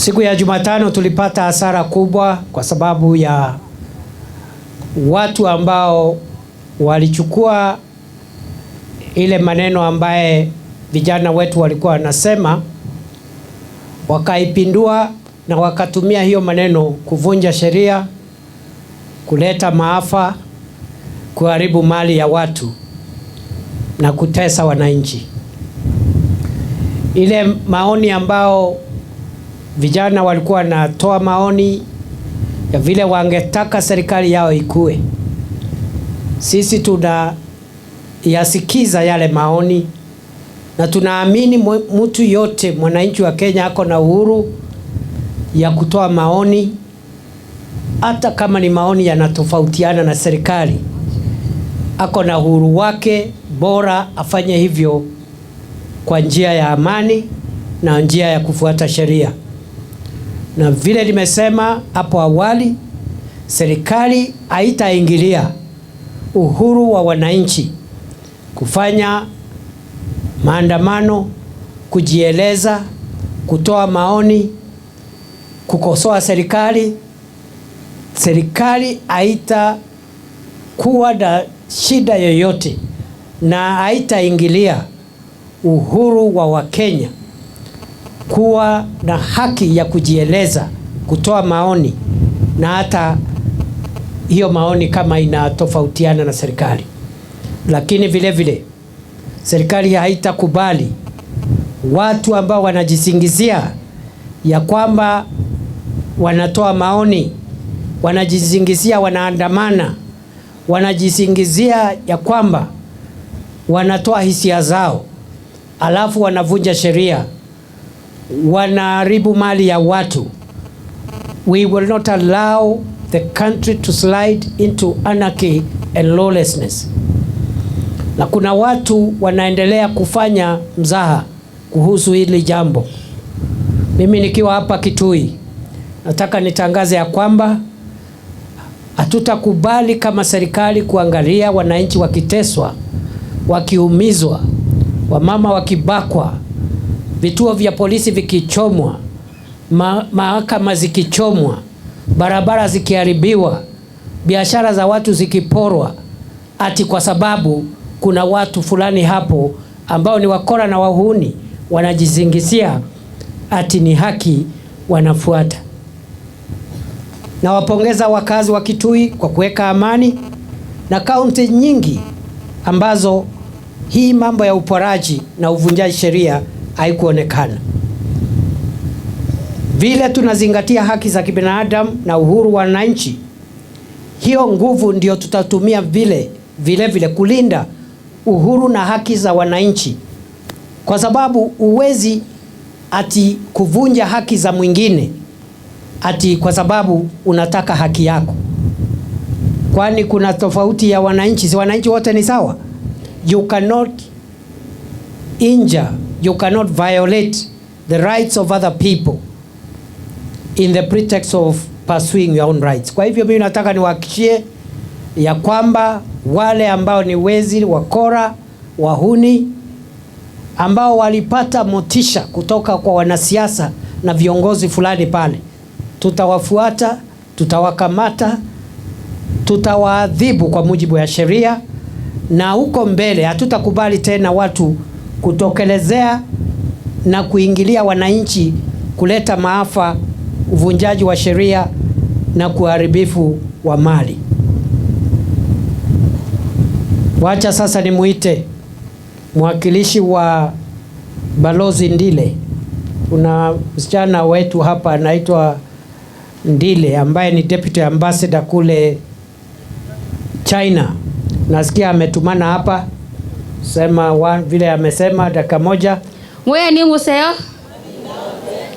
Siku ya Jumatano tulipata hasara kubwa kwa sababu ya watu ambao walichukua ile maneno ambaye vijana wetu walikuwa wanasema, wakaipindua na wakatumia hiyo maneno kuvunja sheria, kuleta maafa, kuharibu mali ya watu na kutesa wananchi. Ile maoni ambao vijana walikuwa wanatoa maoni ya vile wangetaka serikali yao ikue. Sisi tunayasikiza yale maoni na tunaamini mtu yote mwananchi wa Kenya ako na uhuru ya kutoa maoni, hata kama ni maoni yanatofautiana na serikali, ako na uhuru wake, bora afanye hivyo kwa njia ya amani na njia ya kufuata sheria na vile limesema hapo awali, serikali haitaingilia uhuru wa wananchi kufanya maandamano, kujieleza, kutoa maoni, kukosoa serikali. Serikali haitakuwa na shida yoyote na haitaingilia uhuru wa Wakenya kuwa na haki ya kujieleza, kutoa maoni na hata hiyo maoni kama inatofautiana na serikali. Lakini vile vile serikali haitakubali watu ambao wanajisingizia ya kwamba wanatoa maoni, wanajisingizia wanaandamana, wanajisingizia ya kwamba wanatoa hisia zao, alafu wanavunja sheria wanaharibu mali ya watu. We will not allow the country to slide into anarchy and lawlessness. Na kuna watu wanaendelea kufanya mzaha kuhusu hili jambo. Mimi nikiwa hapa Kitui, nataka nitangaze ya kwamba hatutakubali kama serikali kuangalia wananchi wakiteswa, wakiumizwa, wamama wakibakwa, vituo vya polisi vikichomwa, ma mahakama zikichomwa, barabara zikiharibiwa, biashara za watu zikiporwa, ati kwa sababu kuna watu fulani hapo ambao ni wakora na wahuni wanajizingizia ati ni haki wanafuata. Nawapongeza wakazi wa Kitui kwa kuweka amani na kaunti nyingi ambazo hii mambo ya uporaji na uvunjaji sheria haikuonekana. Vile tunazingatia haki za kibinadamu na uhuru wa wananchi, hiyo nguvu ndio tutatumia vile vile vile kulinda uhuru na haki za wananchi, kwa sababu uwezi ati kuvunja haki za mwingine ati kwa sababu unataka haki yako, kwani kuna tofauti ya wananchi? Si wananchi wote ni sawa? You cannot injure, you cannot violate the rights of other people in the pretext of pursuing your own rights. Kwa hivyo mimi nataka niwahakikishie ya kwamba wale ambao ni wezi, wakora, wahuni ambao walipata motisha kutoka kwa wanasiasa na viongozi fulani pale, tutawafuata, tutawakamata, tutawaadhibu kwa mujibu wa sheria, na huko mbele hatutakubali tena watu kutokelezea na kuingilia wananchi, kuleta maafa, uvunjaji wa sheria na kuharibifu wa mali. Wacha sasa nimuite mwakilishi wa Balozi Ndile. Kuna msichana wetu hapa anaitwa Ndile ambaye ni deputy ambassador kule China. Nasikia ametumana hapa sema wa, vile amesema dakika moja mweye museo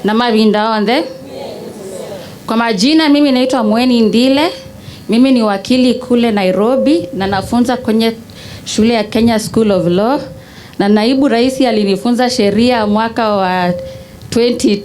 na mavinda onthe. Kwa majina mimi naitwa Mweni Ndile, mimi ni wakili kule Nairobi na nafunza kwenye shule ya Kenya School of Law, na naibu rais alinifunza sheria mwaka wa 20